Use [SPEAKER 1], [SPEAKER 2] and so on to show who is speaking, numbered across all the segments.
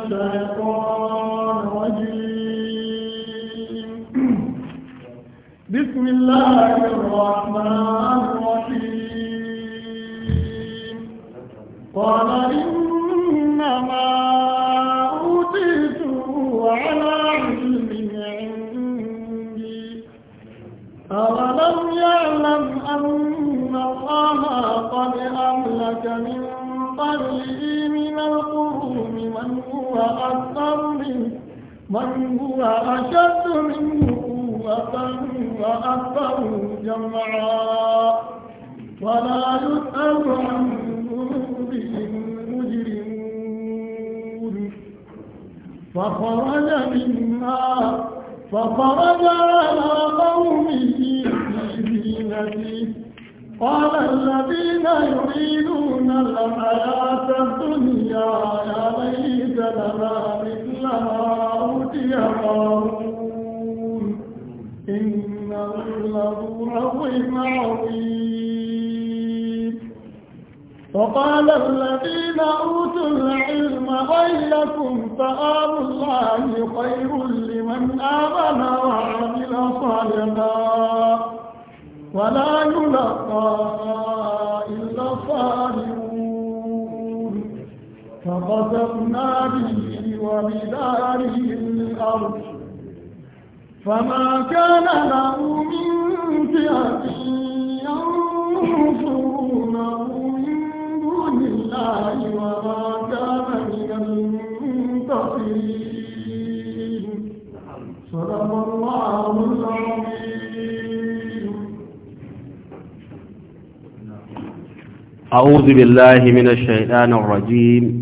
[SPEAKER 1] الشيطان الرجيم بسم الله الرحمن الرحيم قال إن أشد منه قوة وأكثر جمعا ولا يسأل عن ذنوبهم المجرمون فخرج منا فخرج على قومه في زينته قال الذين يريدون الحياة الدنيا يا ليت لنا مثلها يا قارون إنه عظيم عظيم وقال الذين أوتوا العلم غيركم فآل الله خير لمن آمن وعمل صالحا ولا يلقى إلا صالحا فقصفنا به وبداره الأرض فما كان له من فئة ينصرونه من دون الله وما كان من المنتصرين صدق الله العظيم
[SPEAKER 2] أعوذ بالله من الشيطان الرجيم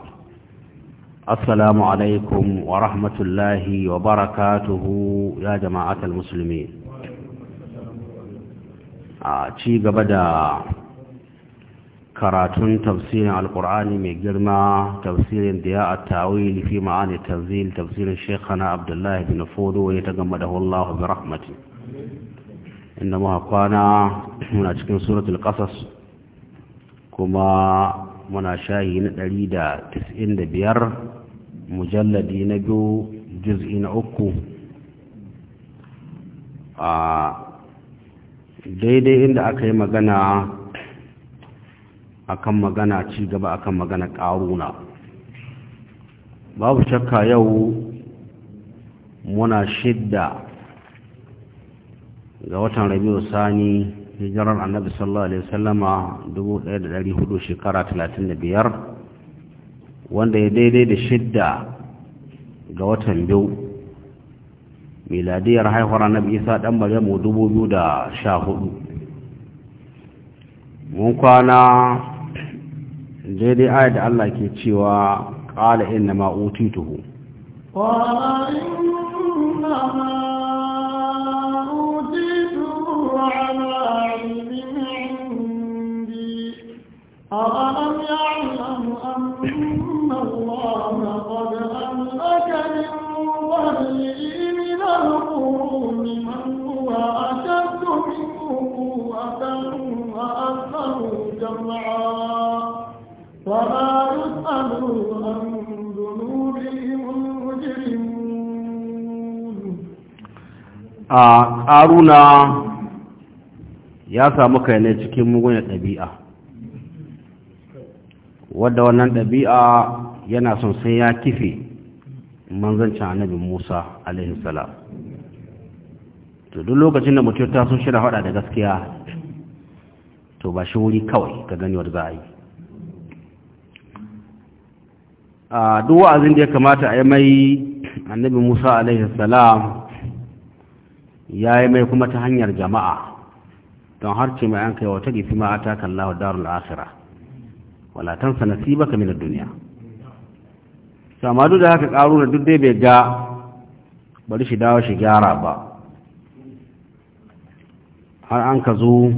[SPEAKER 2] السلام عليكم wa barakatuhu ya يا musulmi a ci gaba da karatun tafsirin Alƙur'ani mai girma tafsirin da ya attawili fi ma'ani tanzil tafsirin shekhana abdullahi bin fodo ya ta gama da wallahu bi rahmati inda muka kwana muna cikin suratul ƙasas kuma muna shayi na ɗari da da biyar. mujalladi na biyu juz'i na uku a daidai inda aka yi magana akan magana ci gaba akan magana ƙaruna babu shakka yau muna shidda ga watan rabiu sani hijirar annabi sallallahu alaihi wasallama 1400 shekara 35 wanda ya daidai da shidda ga watan biyu miladiyar haifar na isa dan maryamu dubu biyu da sha hudu mun kwana daidai ayat da Allah ke cewa qala inna ma utituhu
[SPEAKER 1] qala inna
[SPEAKER 2] a ƙaruna ya samu kai ne cikin mugunar ɗabi'a wadda wannan ɗabi'a yana son sai ya kife manzancin annabi musa alaihi salam to duk lokacin da mutum ta sun shirya faɗa da gaskiya to ba shi wuri kawai ka gani za a yi a duk wa'azin da ya kamata a yi mai annabi musa alaihi salam ya yi mai kuma ta hanyar jama'a don har ce mai an kai wata gifi ma a takan lahu darul akhirah wala tansa nasibaka min ad-dunya sama duk da haka da duk dai bai ga bari shi dawo shi gyara ba har an ka zo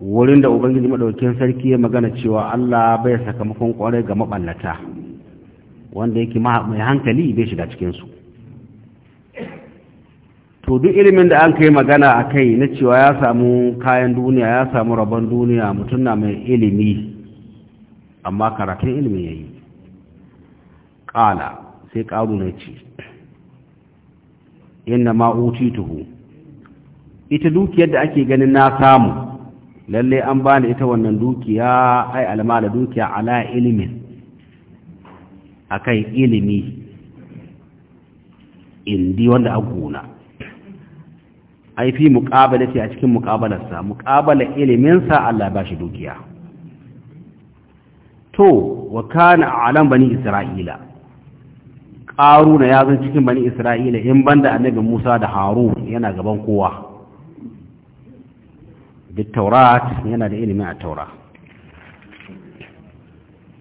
[SPEAKER 2] wurin da ubangiji madaukakin sarki ya magana cewa Allah bai sakamakon kwarai ga maballata wanda yake mai hankali bai shiga cikin su to duk ilimin da an kai magana a kai na cewa ya samu kayan duniya ya samu rabon duniya mutum na mai ilimi amma karatun ilimin ya yi ƙala sai ƙaru na ce inna ma'uti tuhu ita dukiyar da ake ganin na samu Lallai an bani ita wannan dukiya ai da dukiya ala ilimin kai ilimi indi wanda a gona ai fi ce a cikin muƙabalarsa, muqabala ilimin sa Allah ba shi dukiya to wa kana alam bani isra'ila qaruna ya zan cikin bani isra'ila in banda annabi Musa da Harun yana gaban kowa taurat yana da ilimin a taura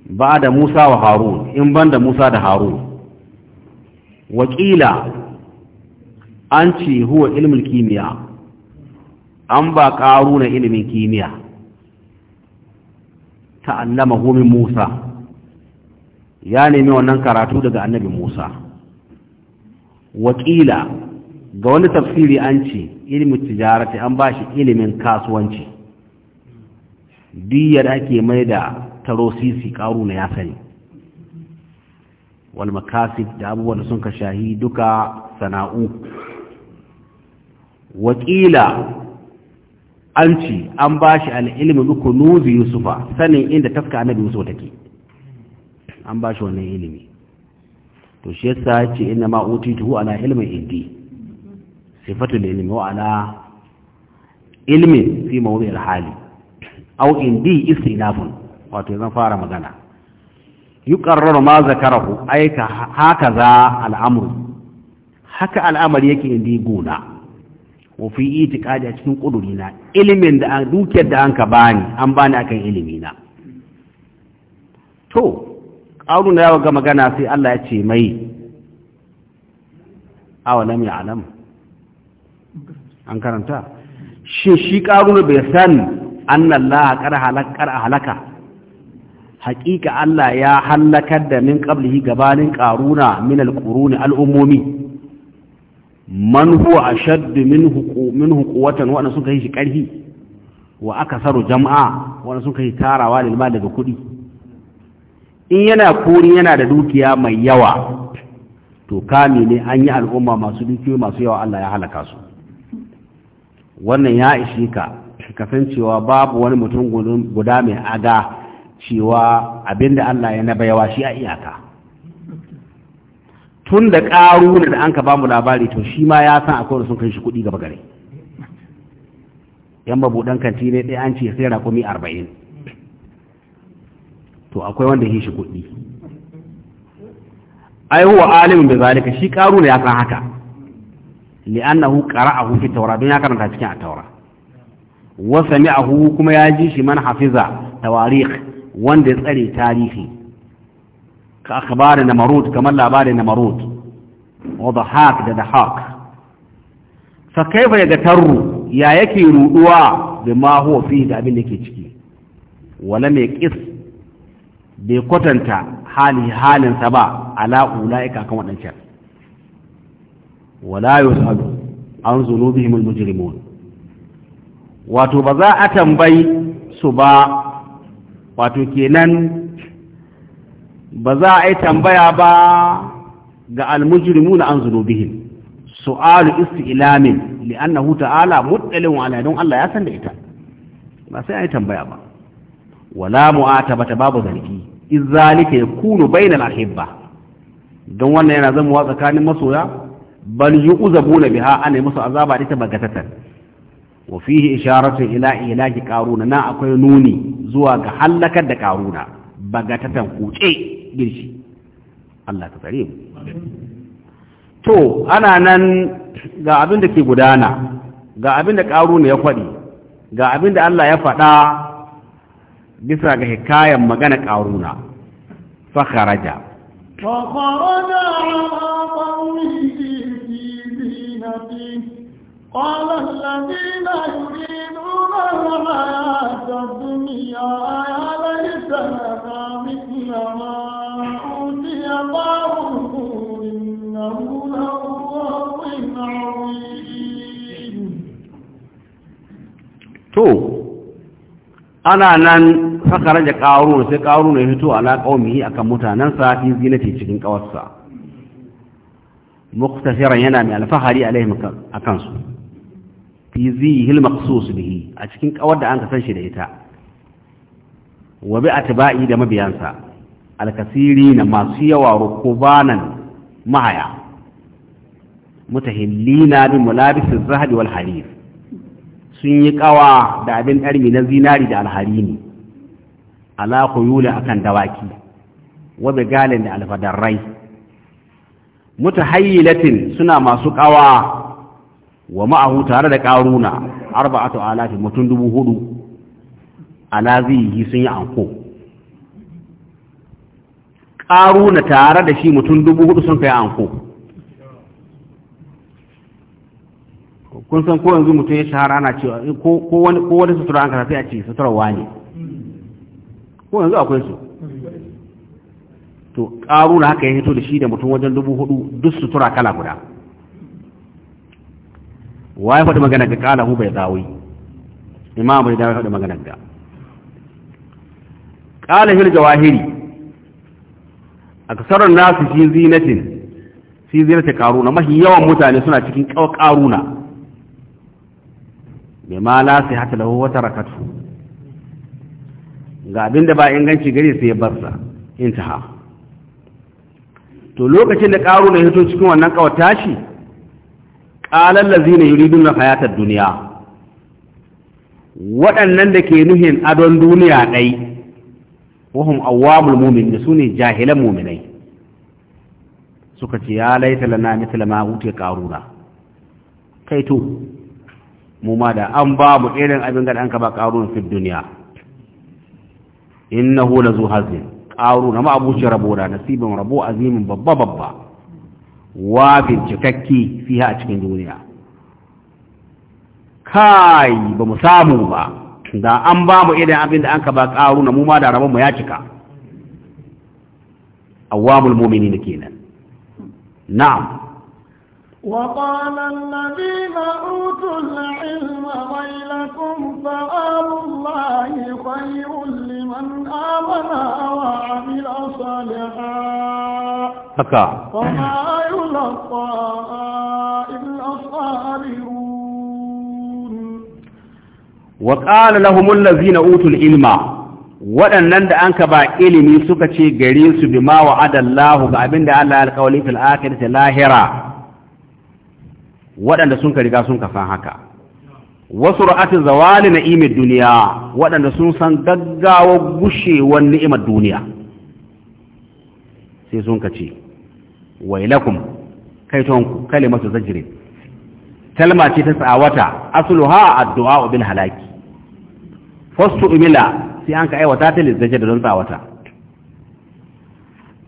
[SPEAKER 2] ba da Musa wa Harun in banda Musa da Harun wakila an ce huwa ilmin kimiyya an ba ƙaru na ilimin kimiyya Ta annama homin musa ya nemi wannan karatu daga annabi musa wakila ga wani tafsiri an ce ilimin tijarati an ba shi ilimin kasuwanci da ake mai da tarosisi ƙaru na ya sani wal makasif da abubuwan da sun ka shahi duka sana'u wakila an ci an ba shi al'ilmi muku Nuzi yusufa sanin inda taska annabi yusufa take an ba shi wannan ilimi to shi yasa ce ina ma tuhu ala ilimin indi sifatul ilimi wa ala ilimin fi mawdi alhali hali indi indi inafin wato zan fara magana yuqarraru ma zakarahu aika haka za al'amuri haka al'amari yake indi gona wa fi itiqadi a cikin kuduri na ilimin da an dukiyar da an ka bani an bani akan ilimi na to ƙaru na yawa ga magana sai Allah ya ce mai awalam ya alam an karanta shi shi ƙaru bai san annan la kar halaka haƙiƙa Allah ya hallakar da min qablihi gabanin ƙaruna min al alquruni al'ummomi man huwa ashadd minhu minhu quwwatan wa suka kai shi karfi wa akasaru jama'a wa suka kai tarawa lil mal daga kudi in yana kuri yana da dukiya mai yawa to kame ne an yi al'umma masu dukiya masu yawa Allah ya halaka su wannan ya ishe ka kasancewa cewa babu wani mutum guda mai aga cewa abinda Allah ya naba yawa shi a iyaka tun da ƙaru da an ka ba mu labari to shi ma ya san akwai sun kai shi kuɗi gaba gare yan mabuɗan kanti ne ɗaya an ce sai rakumi arba'in to akwai wanda ya shi kuɗi ai huwa alimin da zalika shi ƙaru ne ya san haka li'annahu qara'ahu fi tawra don ya karanta cikin at-taura wa sami'ahu kuma ya ji shi man hafiza tawarikh wanda ya tsare tarihi ka akhbari na marut kamar labarin na marut wa dhahak da dhahak fa kaifa yagatarru ya yake ruduwa bima huwa da abin da ke ciki wala mai qis bai kwatanta hali halinsa ba ala ulaika kan wala an wato ba za a tambayi su ba wato kenan ba za a yi tambaya ba ga almujrimu na an zunubihim su'alu isti'lamin li'annahu na huta ala don Allah ya san da ita ba sai a yi tambaya ba wala bata babu zargi iz zalika yakunu bainal ahibba don wannan yana zama tsakanin masoya bal na biha ana musu azaba da ita bagatatan wa fihi isharatu ila ilahi karuna na akwai nuni zuwa ga hallakar da karuna bagatatan kuce girki Allah ka tsare mu to ana nan ga abin da ke gudana ga abin da ƙaru ne ya faɗi ga abin da Allah ya faɗa bisa ga hikayen magana na fa kharaja
[SPEAKER 1] fa kharaja ala qawmihi fi zinatihi قال الذين يريدون الحياة الدنيا يا ليت لنا مثل ما
[SPEAKER 2] ana nan fakarar da ƙarun sai ƙarun ya fito ala ƙaumihi akan mutanensa fi zinati cikin ƙawarsa muktashiran yana mai alfahari alaihim a kansu fi zihil maqsus bihi a cikin kawar da an san shi da ita wa bi atba'i da mabiyansa alkasiri na masu yawa rukubanan mahaya mutahillina bi mulabisi az-zahabi wal harif sun yi kawa da abin ɗarmi na zinari da alhari ne ala a akan dawaki wadda galin da alfadarrai Latin suna masu kawa wa ma'ahu tare da karuna arba'atu alafi mutum dubu hudu A zihi sun yi anko karuna tare da shi mutum dubu hudu sun kai anko kun san ko yanzu mutum ya shahara ana cewa eh, ko wani sutura an karfi a ce wa ne ko yanzu akwai su to ƙaru na haka ya hito da shi da mutum wajen dubu hudu duk sutura kala guda wa ya faɗi magana ga ƙala hu bai zawai imam bai dawo da faɗi magana ga ƙala hil jawahiri a kasarar nasu fi zinatin fi zinatin ƙaruna mahi yawan mutane suna cikin ƙaruna bima la sihata lahu wa tarakatu ga abinda ba inganci gare sai ya barsa intaha to lokacin da karu na hito cikin wannan kawata shi qala lazina yuriduna hayatad dunya waɗannan da ke nuhin adon duniya ɗai wahum awwamul mu'min su ne jahilan mu'minai suka ce ya laita lana mithla ma utiya qaruna kai to mu ma da an ba mu irin abin da an ka ba ƙarun fi duniya innahu la zu hazin ƙaru na ma'abuci rabo da nasibin rabo azimin babba babba wafin cikakki fi a cikin duniya kai ba mu samu ba da an ba mu irin abin da an ka ba ƙaru na mu ma da rabon mu ya cika awamul mu'minin kenan na'am
[SPEAKER 1] وقال الذين أوتوا العلم ويلكم فآل الله خير لمن آمن وعمل صالحا فما يلقى إلا صابرون
[SPEAKER 2] وقال لهم الذين أوتوا العلم waɗannan da anka ba ilimi suka ce gare su bi ma wa adallahu ga abinda da Allah ya alƙawali fil akhirati lahira waɗanda sun ka riga sun ka haka wasu ra'atin zawali na imar duniya waɗanda sun san gaggawa gushewar ni'imar duniya sai sun ka ce wailakum kai tonku kalimatu zajirin kalma ce ta tsawata asluha addu'a bil halaki fasu umila sai an ka aiwata ta lizzaje da don tsawata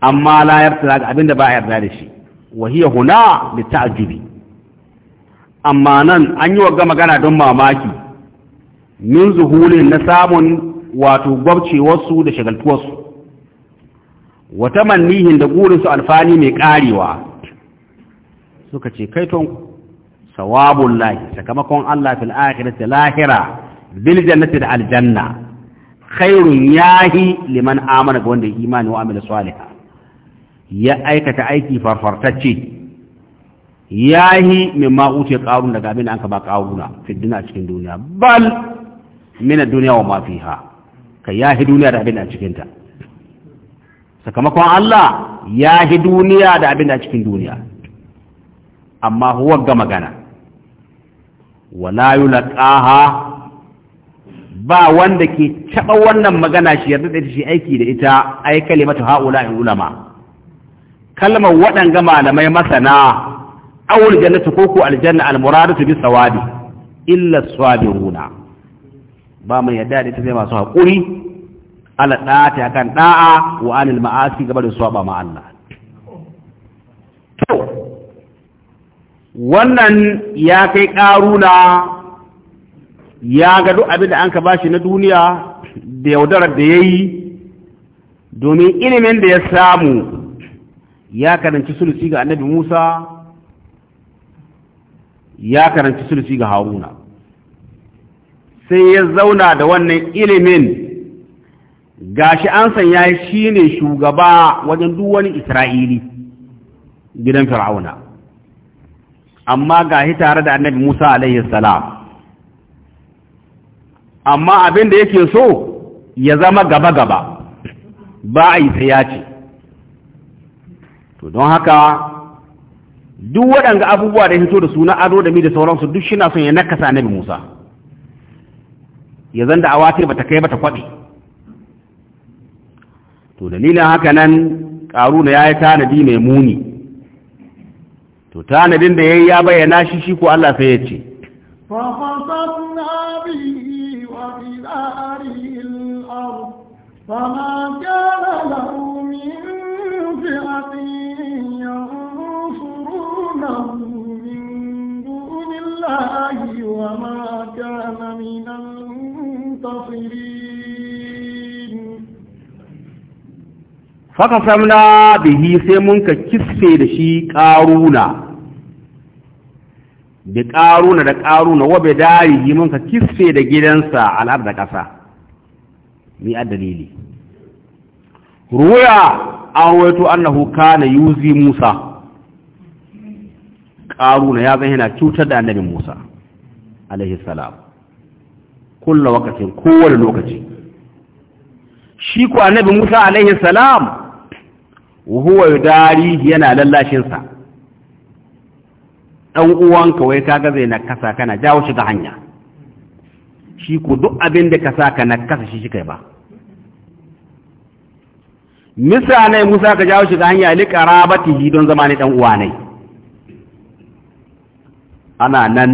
[SPEAKER 2] amma la yarda abinda ba a yarda da shi wa hiya huna amma nan an yi wagga magana don mamaki min zuhulin na samun wato gwabcewarsu da shagaltuwarsu wata mannihin da gurinsu alfani mai karewa suka ce kaiton sawabun lahi sakamakon Allah fil akhirati lahira bil jannati da aljanna khairun yahi liman amana ga wanda imani wa amila salihah ya aikata aiki farfartacce yahi min ma uce qarun daga abin da an ka ba ƙaruna. fi a cikin duniya bal mina duniya wa wa ma ka ya yahi duniya da abin da cikin ta sakamakon Allah yahi duniya da abin da cikin duniya amma huwa ga magana wala yulqaha ba wanda ke taɓa wannan magana shi yarda da shi aiki da ita ai kalimatu haula in ulama kalmar waɗanga malamai masana awul jannati ko ku aljanna almuradatu bis sawabi illa sabiruna ba mai yadda da ita sai masu hakuri ala ɗata kan ɗa'a wa anil ma'asi gaba da saba ma Allah to wannan ya kai karuna ya ga duk abin da an ka bashi na duniya da yaudarar da yayi domin ilimin da ya samu ya karanci sulusi ga annabi Musa ya karanci sulusi ga haruna sai ya zauna da wannan ilimin gashi an sanya shi ne shugaba wajen duk wani isra'ili gidan fir'auna amma gashi tare da annabi musa alaihi salam amma abin da yake so ya zama gaba-gaba ba a yi sai ya ce to don haka duk waɗanga abubuwa da ya fito da su na ado da mi da sauransu duk shi na son ya nakasa na bi Musa ya zanda a ba ta kai ba ta kwaɗi. to dalilin haka nan ƙaruna ya yi tanadi mai muni to tanadin da ya yi ya bayyana shi shi ko Allah sai ya ce
[SPEAKER 1] فما كان له من فئة Faka من دون الله وما كان من المنتصرين
[SPEAKER 2] فقسمنا به سيمنك كسفي لشي قارونا da ƙaruna da ƙaruna wabe darihi mun ka kisfe da gidansa al'ar da ƙasa ni a dalili Ruwa an wato annahu kana yuzi musa Karuna ya zan yana cutar da annabin musa alaihi salam kulla wakatin kowane lokaci shi ku annabi musa alaihi salam huwa yudari yana lallashinsa ɗan uwanka wai ka zai na kasa kana jawo shi ga hanya shi ku duk abin da ka saka na kasa shi shi kai ba misalai musa ka jawo shi ga hanya liƙarabatihi don zama ne ɗan ne ana nan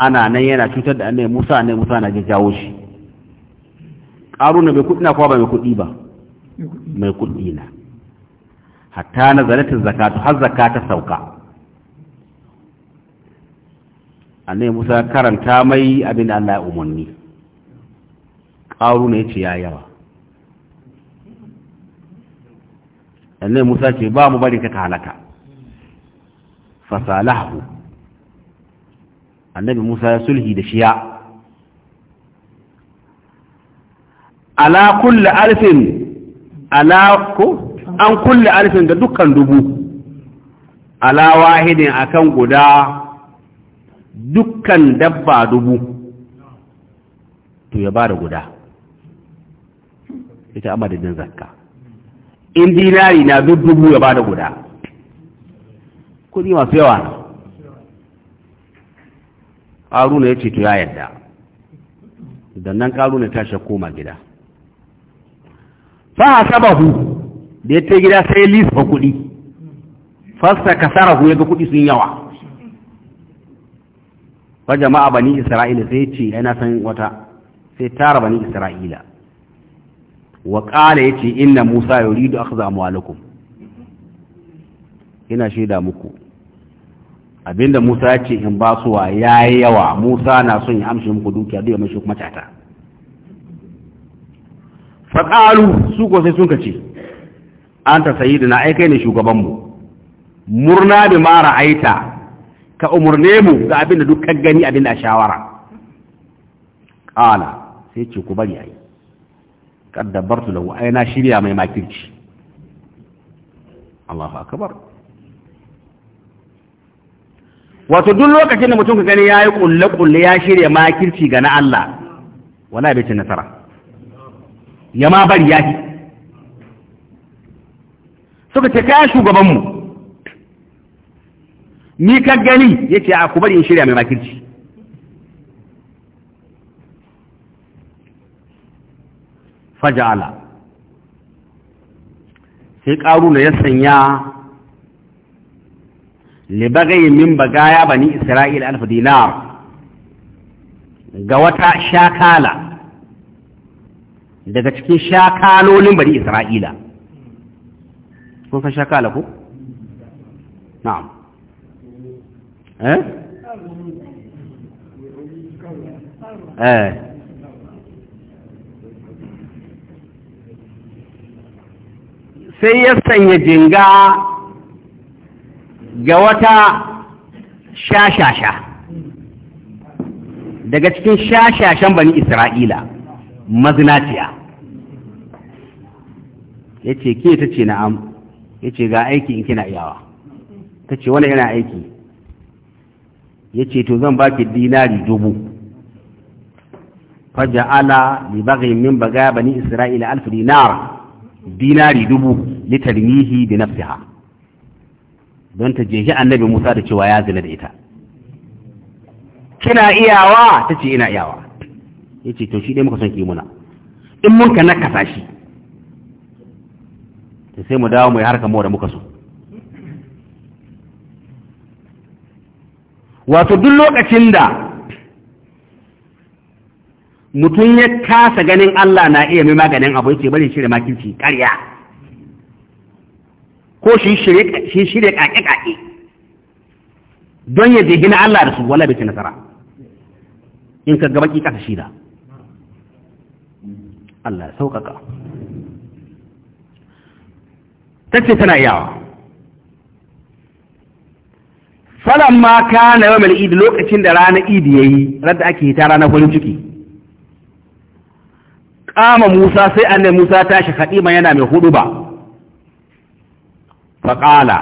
[SPEAKER 2] ana nan yana cutar da annabi musa ne musa na ji jawo shi na bai kuɗi na kuwa ba mai kuɗi ba mai kuɗi na hatta na zalatin zakatu har zaka ta sauka annabi musa karanta mai abin allah ya umarni ƙaruna ya ce ya yawa annabi musa ce ba mu bari ka halaka fasalahu annabi musa ya sulhi da shiya ala kulli alfin ala ko an kulli alfin da dukkan dubu ala wahidin akan guda dukkan dabba dubu to ya bada guda ita amadadin zakka in dinari na duk dubu ya bada guda kudi masu yawa na ƙaruna ya ce to ya yadda idan nan karuna ta shi koma gida
[SPEAKER 1] fa sabahu
[SPEAKER 2] da ya ta gida sai lisfa kuɗi fasta kasarahu ya ga kuɗi sun yawa fa jama'a bani isra'ila sai ce yana san wata sai tara bani isra'ila wa ƙala ya ce inna musa yuridu akhdha amwalakum ina shaida muku abinda Musa ya ce in ba su wa yi yawa Musa na son ya amshi muku dukiya duk ya mashi kuma cata faqalu su ko sai sun kace anta sayyidina ai kai ne shugaban mu murna bi mara aita ka umurne mu ga abinda duk ka gani abinda shawara qala sai ce ku bari ai kaddabartu lahu ai na shirya mai makirci Allahu akbar wato duk lokacin da mutum ka gani ya yi kulle kulle ya shirya makirci ga na Allah wala bai ci nasara ya ma bari fi suka ce kaya shugabanmu. ni ka gani yace a ku bari in shirya mai makirci faja'ala sai na ya sanya libagayin min bagaya bani isra'il alf dinar ga wata shakala daga cikin shakalolin bani isra'ila kun san shakala ko? na'am
[SPEAKER 1] eh? eh
[SPEAKER 2] sai ya sanya jinga ga wata shashasha daga cikin shashashan bani isra'ila mazinatiya ya ce ke ta ce na'am ya ce ga aiki in kina iyawa ta ce wani yana aiki ya ce to zan baki dinari dubu faja'ala li baghi min baga bani isra'ila alf dinar dinari dubu litarmihi bi nafsiha don ta jehi annabi Musa da cewa ya zina da ita kina iyawa ta ce ina iyawa ya ce to shi dai muka son ki muna in mun ka nakasa shi ta sai mu dawo mu yi harkar mu da muka so wato duk lokacin da mutum ya kasa ganin Allah na iya mai maganin abu ya ce bari shirya makinci, ƙarya ko shi shirya ƙaƙe-ƙaƙe don ya jihina Allah da su wala bai ci nasara in ka gaba ƙi ƙasa shida Allah ya sauƙaƙa ta ce tana iyawa falon ma ka na yau mai idi lokacin da ranar idi ya yi radda ake ta ranar farin ciki ƙama musa sai annan musa tashi haɗima yana mai hudu ba faƙala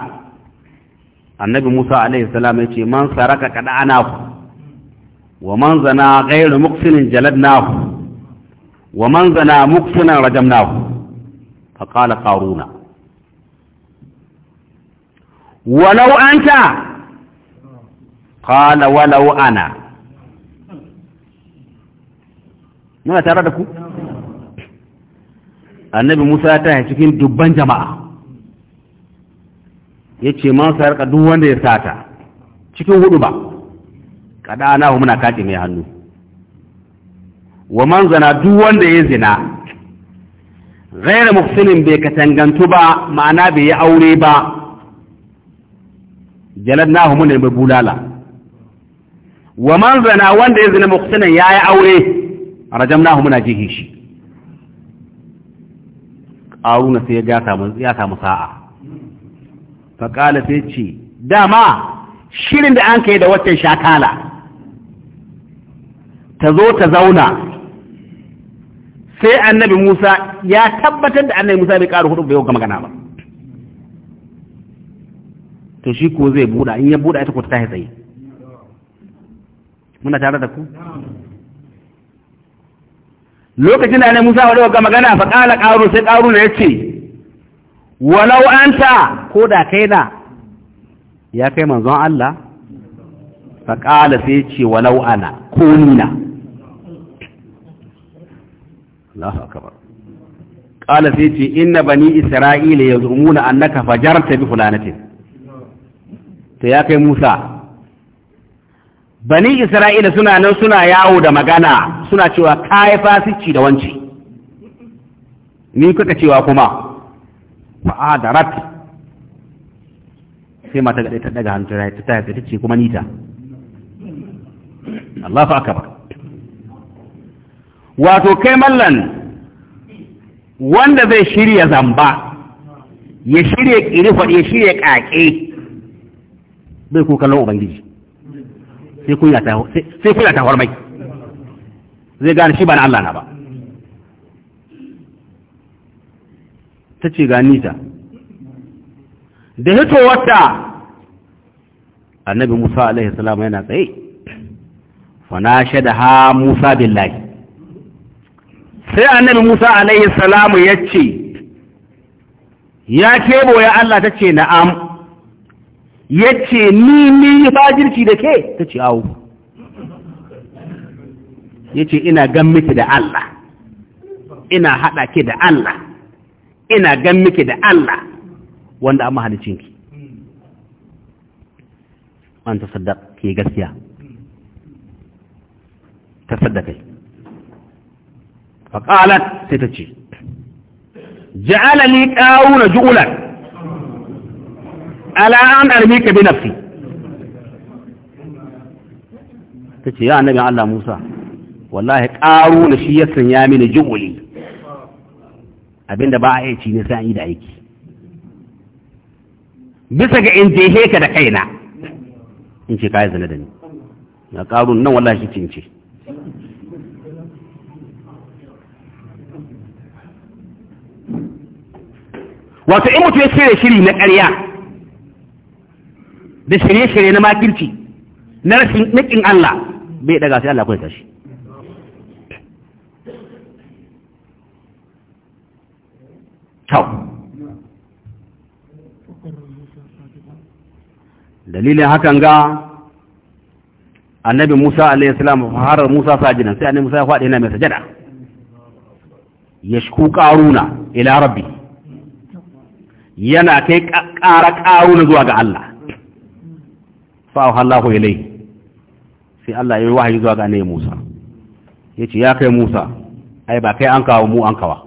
[SPEAKER 2] annabi musa alaihi salam ya ce man saraka kada ku. wa man zana ghairu na ku. wa man zana muqsinan rajamnahu faqala qaruna walau anta qala walau ana muna tare da ku annabi musa ta cikin dubban jama'a ya ce man sarka duk wanda ya sata cikin hudu ba kada ana muna kaɗe mai hannu wa man zana duk wanda ya zina ghaira muhsinin bai katangantu ba ma'ana bai yi aure ba jalar na humuna mai bulala wa man zana wanda ya zina muhsinin ya yi aure rajam na muna jihi shi na sai ya samu sa'a faƙala sai ce dama shirin da an kai da watan shakala ta zo ta zauna sai annabi musa ya tabbatar da annabi musa bai ƙara hudu bai ga magana ba to shi ko zai buɗa in ya buɗa ita ko ta tsaye muna tare da ku lokacin da annabi musa wadda ga magana faƙala ƙaru sai ƙaru na ya ce walau ta ko da kai na ya kai manzon Allah fa qala sai ce walau ana ko ni na Allahu akbar qala sai ce inna bani isra'ila yazumuna annaka fajarta bi fulanati to ya kai Musa bani isra'ila suna nan suna yawo da magana suna cewa kai fasici da wanci ni kuka cewa kuma fa'adarat sai mata ga ta daga hantar ta ta ta ce kuma nita Allahu akbar wato kai mallan wanda zai shirya zamba ya shirya kirifa ya shirya kake bai ko kallon ubangiji sai kunya ta sai kunya ta hormai zai gane shi ba na Allah na ba ta ce gani ta da wata annabi musa alaihi salama yana tsaye fana da ha musa billahi sai annabi musa alaihi salamu ya ce ya kebo ya allah ta ce na'am ya ce ni ni yi fajirci da ke ta ce awo ya ce ina gan miki da allah ina haɗa ki da allah ina gan miki da Allah wanda an mahalicinki an ta saddaka ke gaskiya ta saddaka faƙalat sai ta ce ja'alali ƙawo na ju'ular an armi ka bi nafsi. ta ce ya annabi Allah Musa wallahi ƙaru na shi ya sanya mini ju'uli abinda ba a yi ne sai an yi da aiki bisa ga in jehe ka da kaina in ce kayi zane da ni na ƙarun nan wala shi cince wato in mutu ya shirya shiri na ƙarya da shirye-shirye na makirci na rashin nakin Allah bai daga sai Allah kawai tashi dalilin hakan ga annabi Musa alaihi salam faharar Musa sajidan sai annabi Musa ya faɗi yana mai sajada yashku qaruna ila rabbi yana kai ƙara qaruna zuwa ga Allah fa Allahu ilai sai Allah ya yi wahayi zuwa ga annabi Musa yace ya kai Musa ai ba kai an kawo mu an kawo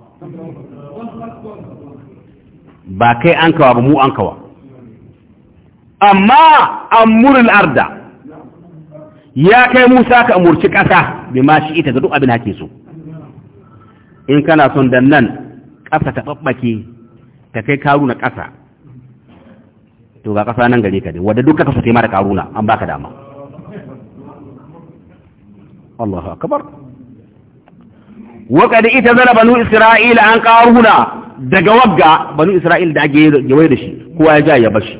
[SPEAKER 2] ba kai an kawa ba mu an kawa amma amurul arda ya kai musa ka amurci ƙasa bi ma shi ita ga duk abin hake so in kana son dan nan ƙasa ta babbake ta kai karuna ƙasa to ga ƙasa nan gare ka ne wadda duka kasa taimara karuna an baka dama Allahu akbar wa kad ita zalabanu isra'ila an qaruna daga wagga banu isra'il da ake yawai da shi kowa ya ja ya bashi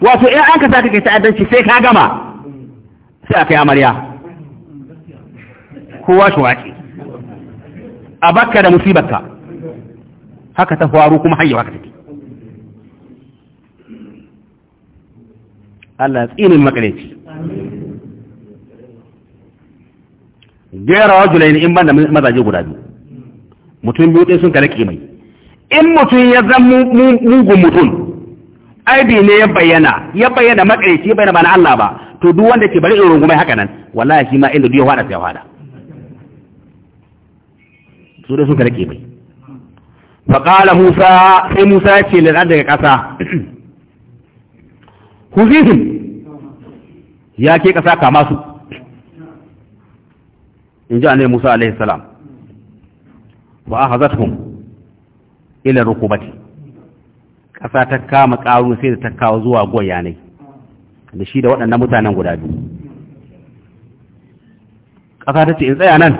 [SPEAKER 2] wato in an ka sa kai ta'addanci sai ka gama sai aka yi amarya
[SPEAKER 1] kowa shi waƙi a bakka da musibarka
[SPEAKER 2] haka ta faru kuma hanyar waka take Allah tsinin makareci gera wajulaini in ban da mazaje guda biyu mutum biyu ɗin sun karake mai in mutum ya zan mugun mutum aibi ne ya bayyana ya bayyana makarici ya bayyana ba na Allah ba to duk wanda ke bari in rungumai haka nan wallahi shi ma inda duk ya fada sai ya fada su da sun karake mai fa qala musa sai musa ya ce da daga kasa huzihim ya ke kasa kama su in ji annabi musa alaihi salam wa ahazatuhum ila rukubati kasa ta kama karun sai da ta kawo zuwa goya ne da shi da waɗannan mutanen guda biyu kasa ta ce in tsaya nan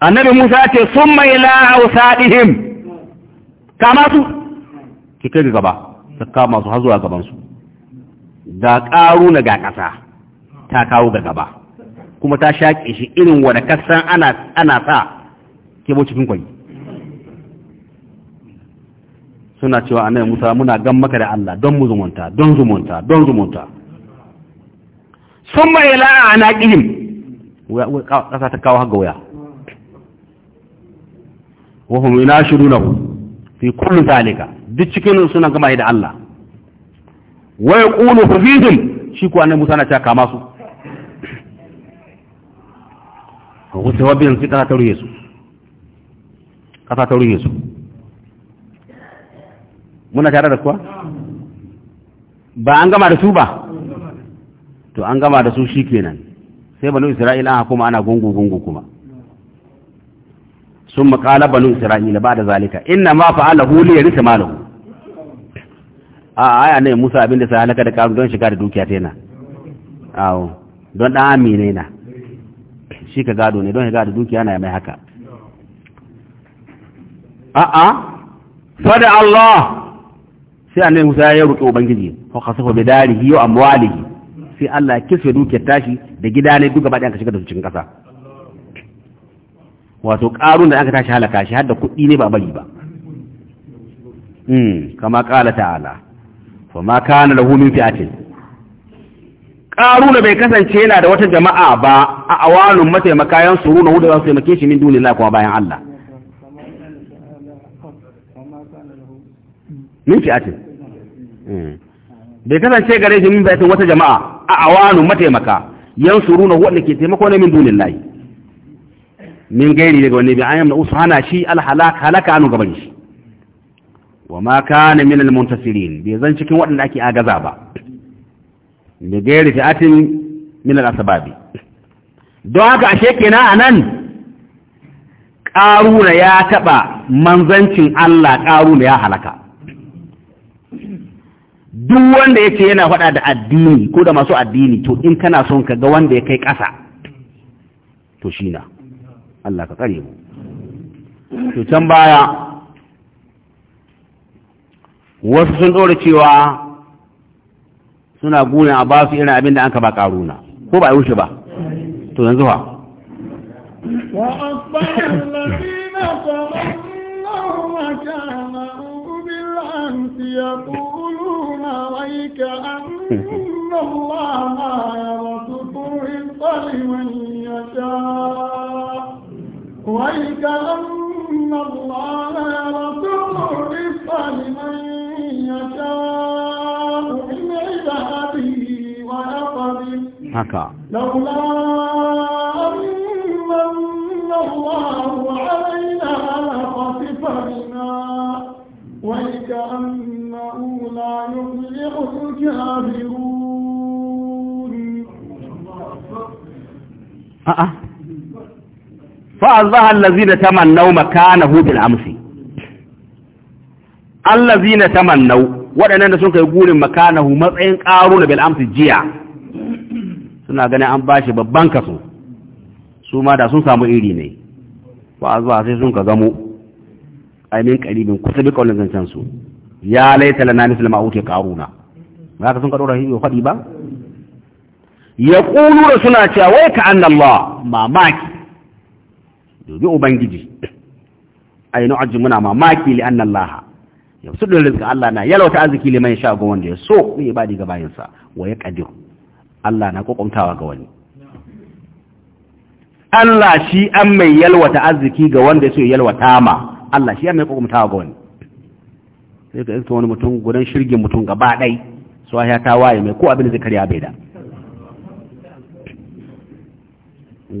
[SPEAKER 2] annabi Musa ce sun mai la'ausaɗihim kama su ki kai gaba ta kama su har zuwa gabansu ga ƙaru na ga ƙasa ta kawo ga gaba kuma ta shaƙe shi irin wadda kasan ana sa yabo cikin kwai suna cewa annabi Musa muna gan maka da Allah don mu zumunta don zumunta don zumunta summa ila anaqihim kasa ta kawo haga waya wa hum yunashirunahu fi kulli zalika duk cikin suna gama da Allah wa yaqulu fihim shi ko annabi Musa na ta kama su ko wata wabin ta ruye su ƙasa ta ruhe su muna tare da kuwa ba an gama da su ba to an gama da su shi kenan sai banu isra'ila aka kuma ana gungu-gungu kuma sun makala banu isra'ila ba da zalika inna ma fa'ala hu ya yarisa malahu a aya ne musa abinda sai halaka da karu don shiga da dukiya ta yana awo don da amine na shi ka gado ne don shiga da dukiya na mai haka a'a fada Allah sai annabi Musa ya roƙi ubangiji fa khasafa bi darihi wa amwalihi sai Allah ya kisfe duke tashi da gidane duka ba dan ka shiga da su cikin ƙasa wato ƙarun da aka tashi halaka shi har da kuɗi ne ba bari ba hmm, kama ƙala ta'ala fa ma kana lahu min fi'atin ƙaruna bai kasance yana da wata jama'a ba a awalun mataimaka su runa hudu za su taimake shi min duniya kuma bayan Allah min fi'atin hmm. bai kasance gare shi min fi'atin wata jama'a a awanu mataimaka yansuruna wanda ke taimako ne min dunillahi min gairi daga wani bi ayyam na usu hana shi alhalak halaka anu gaban shi wa ma kana min almuntasirin bai zan cikin waɗanda ake agaza ba da gairi fi'atin min al don haka ashe kenan anan ƙaruna ya taɓa manzancin Allah ƙaruna ya halaka duk wanda ya ce yana faɗa da addini ko da masu addini to in kana son ka ga wanda ya kai ƙasa to shi na Allah ka tsare mu to can baya wasu sun ɗora cewa suna guna a basu irin abin da an ka ba na, ko ba a wuce ba to yanzu
[SPEAKER 1] ha بالأمس يقولون ويك أن الله يرسط الرزق لمن يشاء ويك أن الله يرسط الرزق لمن يشاء من عباده ويقدر لولا أن الله علينا لخسف وكأنه لا يفلح الكافرون
[SPEAKER 2] فأصبح الذين تمنوا مكانه بالأمس الذين تمنوا waɗannan da sun kai gurin makanahu matsayin ƙaro da bil'amsu jiya suna ganin an bashi babban kaso su ma da sun samu iri ne ba zuwa sai sun ka gamo Aimin karibin kusa duka wani zancen su ya laita lana mislu ma uti qaruna ba ka sun ka dora hiyo fadi ba da suna cewa wai ka anna mamaki dubi ubangiji ai nu ajin muna mamaki li anna Allah yabsudu rizqa Allah na yalauta arziki liman sha ga wanda ya so ne ibadi ga bayansa wa ya qadir Allah na kokomtawa ga wani Allah shi an mai yalwata arziki ga wanda ya so yalwata ma Allah shi ya mai kokumtawa ga wani sai ka ita wani mutum gudan shirgin mutum gaba ɗai su ya ta waye mai ko abin da zai karya bai da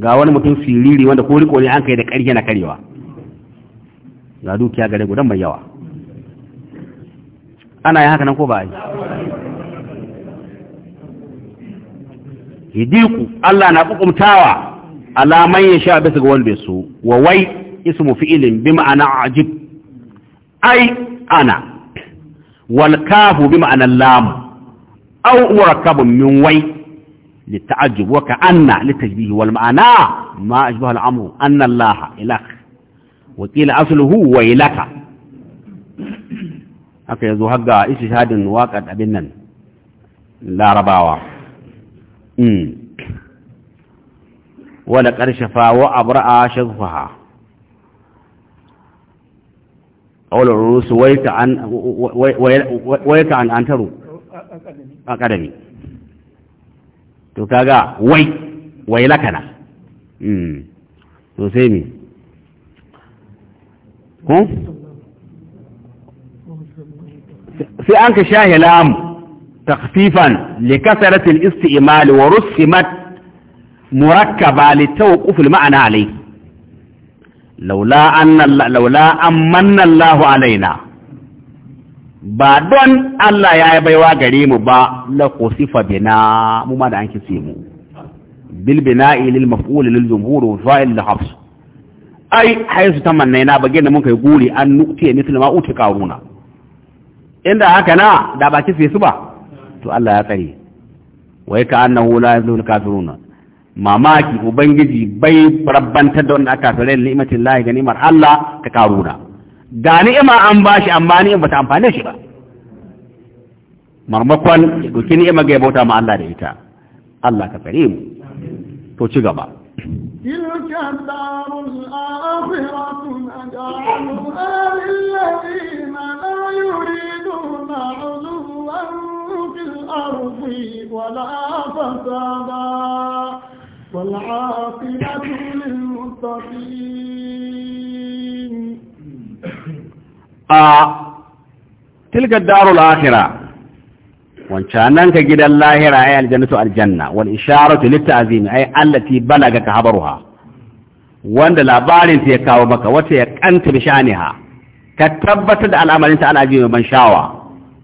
[SPEAKER 2] ga wani mutum siriri wanda ko riko ne an kai da ƙarfi na karewa ga dukiya gare gudan mai yawa ana yin haka nan ko ba yi hidiku Allah na kokumtawa alaman ya sha bisa ga wanda bai so wa wai اسم فعل بمعنى عجب أي أنا والكاف بمعنى اللام أو مركب من وي للتعجب وكأن للتشبيه والمعنى ما أشبه الأمر أن الله إلك وقيل أصله ويلك أكي يزو هقا إيش شهاد abin أبنن لا رباوة ولك أرشفا وأبرأ شغفها أول الرؤوس عن ويك عن أنترو أكاديمي تكاغا وي ويلكنا امم تسمي هم في أنك شاهي لام تخفيفا لكثرة الاستئمال ورسمت مركبة لتوقف المعنى عليه laula an manna Allahu alaina ba don Allah ya yi baiwa gare mu ba la kusifa bina mu ma da an kise mu bil bina'i lil maf'ul lil jumhur wa fa'il hafs ai haisu tamannaina ba gina mun kai guri an nukti mithla ma uti qaruna inda haka na da ba kise su ba to Allah ya tsare wai ka annahu la yuzul kafiruna mamaki ubangiji bai rabbantar da wanda aka fere ni'imatin lahi ga ni'mar Allah ta karuna ga ni'ima an bashi amma ba bata amfane shi ba marmakon doki ni'ima ga bauta ma Allah da ita Allah ka tsare mu to ci gaba
[SPEAKER 1] تلك الدار الآخرة نجعلها للذين لا يريدون علوا في الأرض ولا فسادا والعاقبة للمتقين
[SPEAKER 2] آه. تلك الدار الآخرة وان وانشانك جدا اللاهرة أي الجنة الجنة والإشارة للتعظيم أي التي بلغك خبرها وان بال انت يكاوبك وتيك أنت بشأنها كتبت الأمر انت على عجيب من شاوى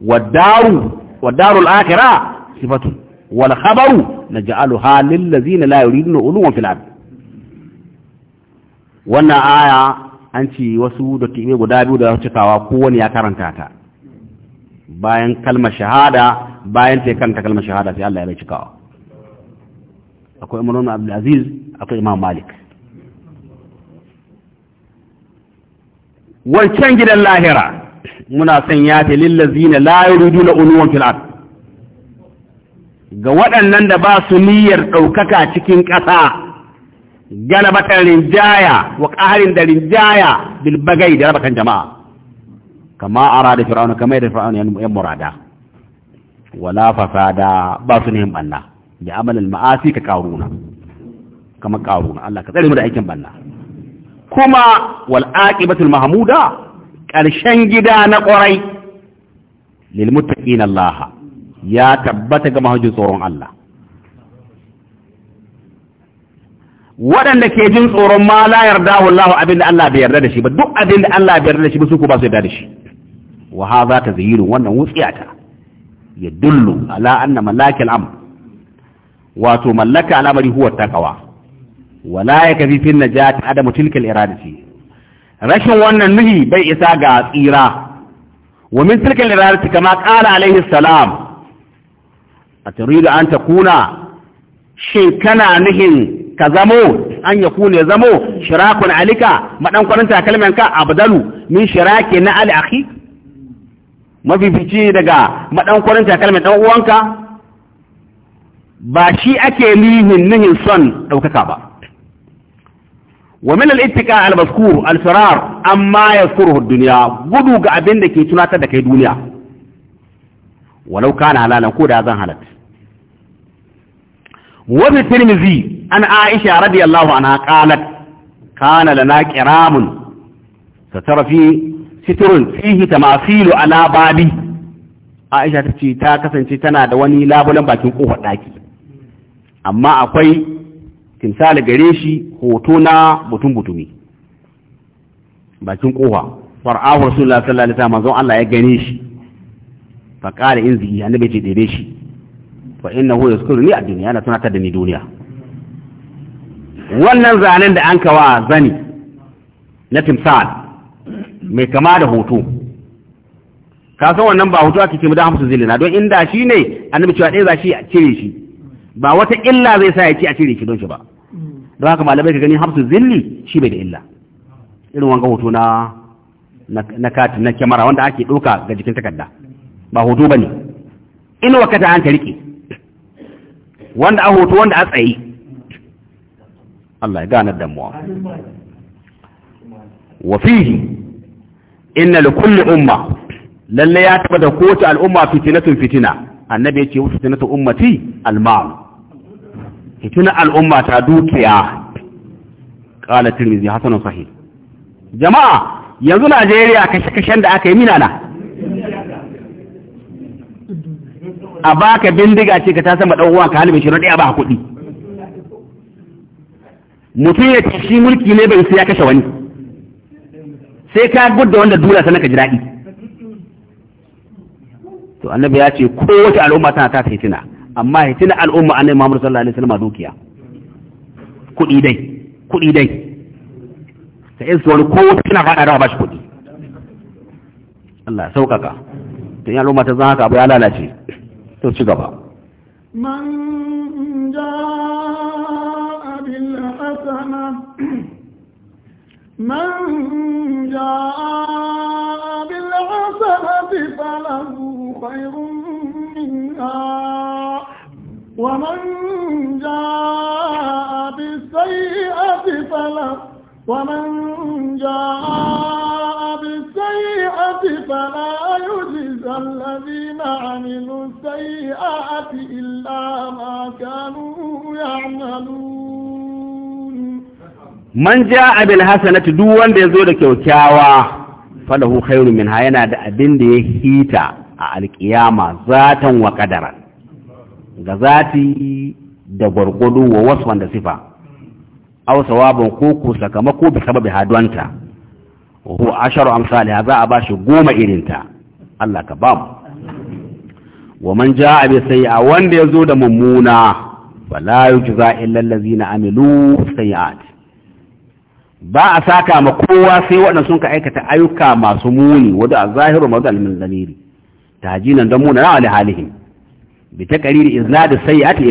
[SPEAKER 2] والدار والدار الآخرة صفة والخبر naj'aluha lil ladzina la yuriduna ulwan fil ard wannan aya an ci wasu da tibe guda biyu da cikawa wani ya karanta ta bayan kalmar shahada bayan ta kanta kalmar shahada sai Allah ya bai cikawa akwai Umar ibn Abdul Aziz akwai Imam Malik wancan gidan lahira muna son ya ta lillazina la yuriduna ulwan fil ard ga waɗannan da ba su niyyar ɗaukaka cikin ƙasa galabatan rinjaya wa ƙaharin da rinjaya bilbagai da rabakan jama'a kama ara da fir'auna kama yadda fir'auna yan murada wala fasada ba su nihin banna da amalin ma'asi ka karuna kama karuna Allah ka tsare mu da aikin banna kuma wal aqibatul mahmuda ƙarshen gida na ƙwarai lil muttaqin Allah ya tabbata ga mahajin tsoron Allah waɗanda ke jin tsoron ma la yarda wallahu abinda Allah bai yarda da shi ba duk abinda Allah bai yarda da shi ba su ko ba su yarda da shi wa hadha tazyiru wannan wutsiyata ya dullu ala anna malakal amr wato mallaka al'amari huwa takawa wala yakfi fi najati adamu tilkal iradati rashin wannan nuhi bai isa ga tsira wa min tilkal iradati kama qala alaihi salam a turidu an ta kuna shin kana nuhin ka zamo an ya kune zamo shirakun alika maɗan kwanin ka, abdalu min shirake na al'aki mafifici daga maɗan kwanin ɗan uwanka ba shi ake nihin nihin son ɗaukaka ba wa min al-ittiqa al-mazkur al-firar amma yazkuruhu ad-dunya gudu ga abin da ke tunatar da kai duniya walau kana halalan ko da zan halatta وفي الترمذي عن عائشة رضي الله عنها قالت كان لنا كرام ستر في ستر فيه تماثيل على بابي عائشة تبتي تاكسا تنا دواني لا بلن باكين قوة داكي أما أقوي تمثال قريشي هوتونا بطن بطني باكين قوة فرآه رسول الله صلى الله عليه وسلم الله يغنيشي فقال انزي النبي جديريشي fa innahu ni a duniya ana tunatar da ni duniya wannan zanen da an kawa zani na timsal mai kama da hoto kasan wannan ba hoto ake ce da hamsu zilina don inda shi ne annabi cewa ɗaya za shi a cire shi ba wata illa zai sa ya ce a cire shi don shi ba don haka malamai ka gani Hamsin zilli shi bai da illa irin wanga hoto na na katin na kyamara wanda ake ɗauka ga jikin takarda ba hoto ba ne in wakata an ta rike wanda a hoto wanda a tsaye Allah ya ganar da mu wa fihi inna li kulli umma lalle ya taba da kowace al'umma fitinatun fitina annabi yace fitinatu ummati al-mal fitina al'umma ta dukiya qala tirmidhi hasanun sahih jama'a yanzu Najeriya kashe-kashen da aka yi minana a baka bindiga ce ka ta sama dan uwa ka halibin shi ɗaya ba kuɗi mutum ya tashi mulki ne bai sai ya kashe wani sai ka gudda wanda dula sannan ka ji daɗi to annabi ya ce kowace al'umma tana ta fitina amma fitina al'umma annabi Muhammad sallallahu alaihi wasallam dukiya kuɗi dai kuɗi dai ta su wani kowace tana faɗa da ba shi kuɗi Allah sauƙaƙa to yi al'umma ta zan haka abu ya lalace to ci gaba
[SPEAKER 1] man ja'a bil hasana man ja'a bil hasanati falahu khayrun minha wa man ja'a bis sayyi'ati falahu wa man ja'a السيئات فلا يجزى الذين عملوا السيئات إلا ما كانوا يعملون
[SPEAKER 2] من جاء بالحسنة دوان دي زودة كيوكاوا فله خير منها ينا دابين دي هيتا على القيامة ذاتا وقدرا غزاتي da gwargwado wa wasu wanda sifa, au sawabin koko sakamako bi sababi وهو عشر أمثالها ذا أباش قوم إرنتا الله كباب ومن جاء بسيئة وان يزود ممونة فلا يجزى إلا الذين عملوا سيئات ba a saka ma kowa sai waɗanda sun ka aikata ayyuka masu muni wadda a zahiru mawadu al-manzamiri tajinan don muna na wani halihim bi ta izna da sai ya ta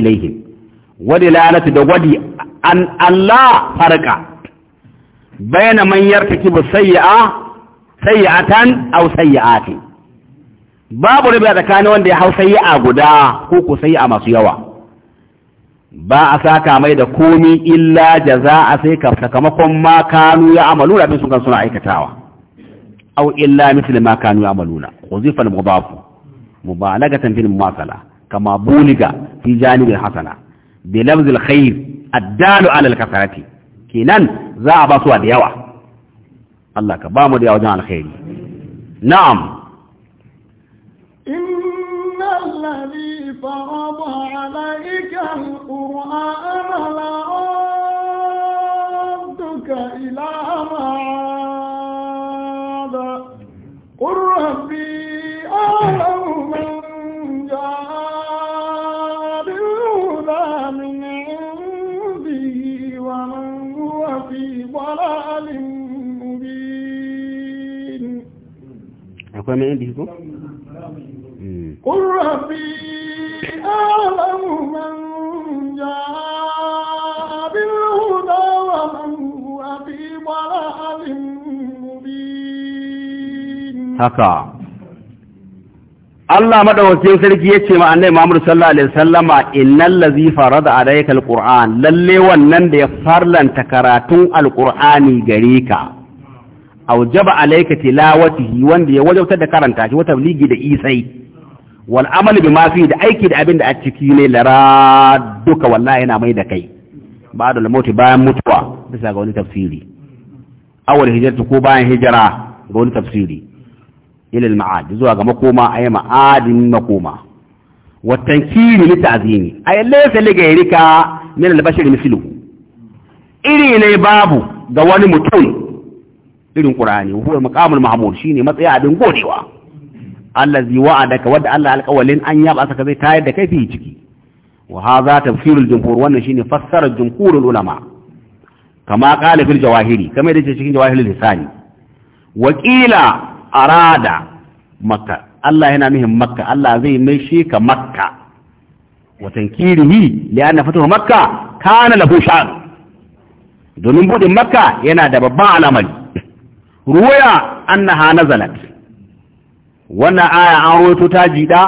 [SPEAKER 2] da gwadi an Allah farka bayana man yartaki bu sayyi'a sayyi'atan aw sayyi'ati babu riba tsakanin wanda ya hau sayyi'a guda ko ko sayyi'a masu yawa ba a saka mai da komi illa jaza'a sai ka sakamakon ma kanu ya amalu da sun kan suna aikatawa aw illa misli ma kanu ya amaluna uzifa al-mudaf mubalagatan fil mumasala kama buliga fi janib al-hasana bi lafz al-khair ad-dalu ala al-kasrati kinan za a ba su da yawa Allah ka ba mu da yawa wajen alkhairi na'am
[SPEAKER 1] inna allazi farada alayka alqur'ana la'aduka ila ma'ad qur rabbi akwai mai indihi ko? ƙurrafi alamu man ja bin huda wa man huwa fi ɓara'alin mubin
[SPEAKER 2] haka Allah madawacin sarki ya ce ma annai Muhammadu sallallahu alaihi wasallama innal ladhi farada alayka alquran lalle wannan da ya farlanta karatun alqurani gare ka aujaba alayka tilawatihi wanda ya wajautar da karanta shi wata ligi da isai wal amal bima fi da aiki da abin da a ciki ne lara duka wallahi yana mai da kai ba'da da maut bayan mutuwa bisa ga wani tafsiri awal hijratu ko bayan hijira ga wani tafsiri ila al-ma'ad zuwa ga makoma ay ma'adin makoma wa tankiri li ta'zimi ay laysa li gairika min al-bashar misluhu iri ne babu ga wani mutum irin qur'ani huwa maqamul mahmud shine matsayi abin godewa allazi wa'adaka wadda Allah alƙawalin an yaba saka zai tayar da kai fi ciki wa hadha tafsirul jumhur wannan shine fassarar jumhurul ulama kama qala fil jawahiri kamar da cikin jawahirul lisani wa qila arada makka Allah yana nuhin makka Allah zai mai shi ka makka wa tankirihi li'anna fatuhu makka kana lahu sha'n domin budin makka yana da babban al'amari ruwaya annaha nazalat wannan aya an rawaito ta jida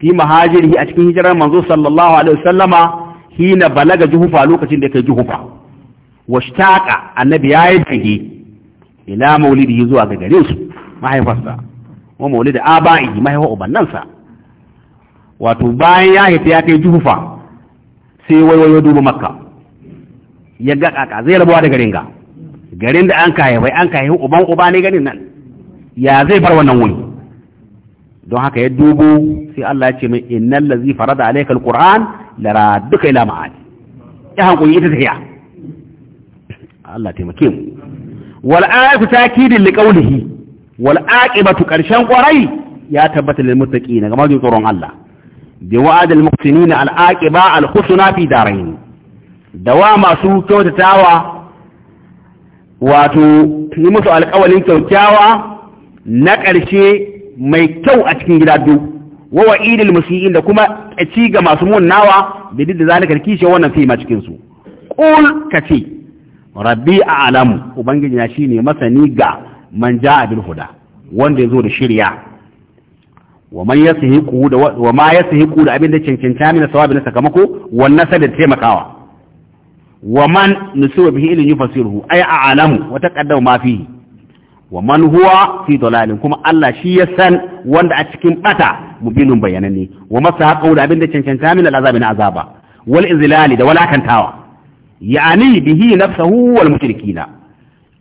[SPEAKER 2] fi muhajiri a cikin hijirar manzo sallallahu alaihi wasallama hina balaga juhufa lokacin da kai juhufa washtaqa annabi yayi dangi ila maulidihi zuwa ga gare su mahaifarsa wa maulidi aba'ihi mahaifar ubannansa wato bayan ya hita ya kai juhufa sai ya duba makka ya ga kaka zai rabuwa daga ringa garin da an kaye bai an kaye uban uba ne ganin nan ya zai bar wannan wuri don haka ya dubo sai Allah ya ce mai innal ladzi farada alayka alquran la radduka ila ma'ad ya hankuri ita tafiya Allah taimake mu wal ayatu takidin li qawlihi wal aqibatu karshen kwarai ya tabbata lil muttaqin ga majin tsoron Allah bi wa'ad al muqsinina al aqiba al husna fi darain dawa masu kyautatawa wato yi musu alƙawalin kyaukyawa na ƙarshe mai kyau a cikin gida duk wa idil musii'in da kuma ci ga masu munnawa da duk da zalika kishe wannan fi ma cikin su qul kace rabbi a'lamu ubangiji na shine masani ga man ja'a bil huda wanda yazo da shirya wa man yasihiku da wa ma yasihiku da abin da cancanta min sawabi na sakamako wannan sai da taimakawa ومن نسوى به إلي يفسره أي أعلم وتقدم ما فيه ومن هو في ضلال كما الله شيء سن وند أتكين بتا مبين بيانني وما سهى قول أبن دي شنشن كامل العذاب عذابا والإذلال دا ولا كنتاوى يعني به نفسه والمشركين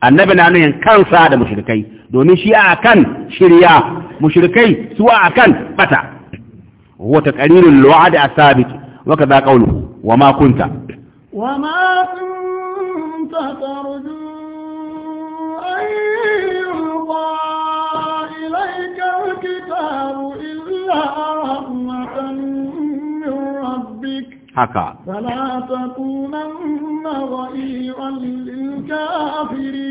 [SPEAKER 2] annabi na nuhin kansa da mushrikai domin shi a kan shirya mushrikai su a kan bata wata ƙaririn lu'adi a sabiki waka za ƙaunuhu wa ma kunta
[SPEAKER 1] وما كنت ترجو أن يلقى إليك الكتاب إلا رحمة من ربك haka فلا تكونن ظهيرا للكافرين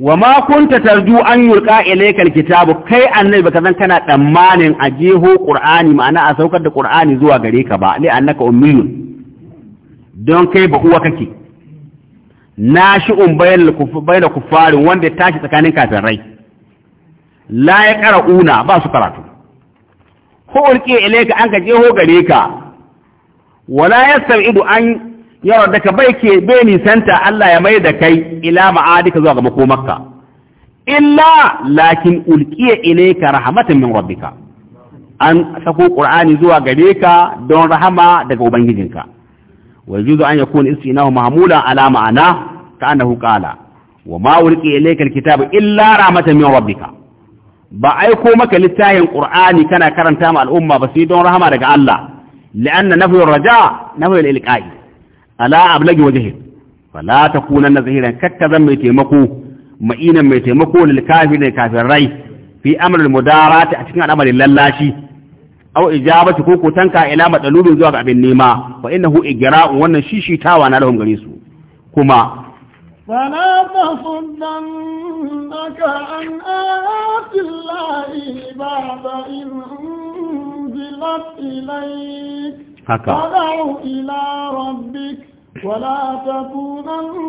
[SPEAKER 2] وما كنت ترجو أن يلقى إليك الكتاب كي أني بكذا كان تمان أجيه قرآني معنى أسوكت قرآني زوا غريك با لأنك أمي don kai ba uwa kake na shi'un bayan kufarin wanda ya tashi tsakanin kafirai la ya kara una ba su karatu ko ulke ilaika an ka jeho gare ka wala ya ido an yawar daga bai ke bai nisanta Allah ya mai da kai ila ma'adika zuwa ga makka illa lakin ulqiya ilayka rahmatan min rabbika an sako qur'ani zuwa gare ka don rahama daga ubangijinka ويجوز أن يكون استئناه معمولا على معناه كأنه قال وما ألقي إليك الكتاب إلا رحمة من ربك بأيكو مك للتاهي القرآن كان كرمتام الأمة بسيط رحمة لك الله لأن نفي الرجاء نفي الإلقاء ألا أبلغ وجهه فلا تكونن ظهيرا ككذا ميتمكو مئينا ميتمكو للكافر للكافر الرئيس في أمر المدارات أتكلم عن أمر اللاشي aw ijabati ko ko tanka ila madalubin zuwa abin nema fa innahu igra'un wannan shishitawa na lahum gare su kuma
[SPEAKER 1] فلا تصدنك عن آيات الله بعد إن أنزلت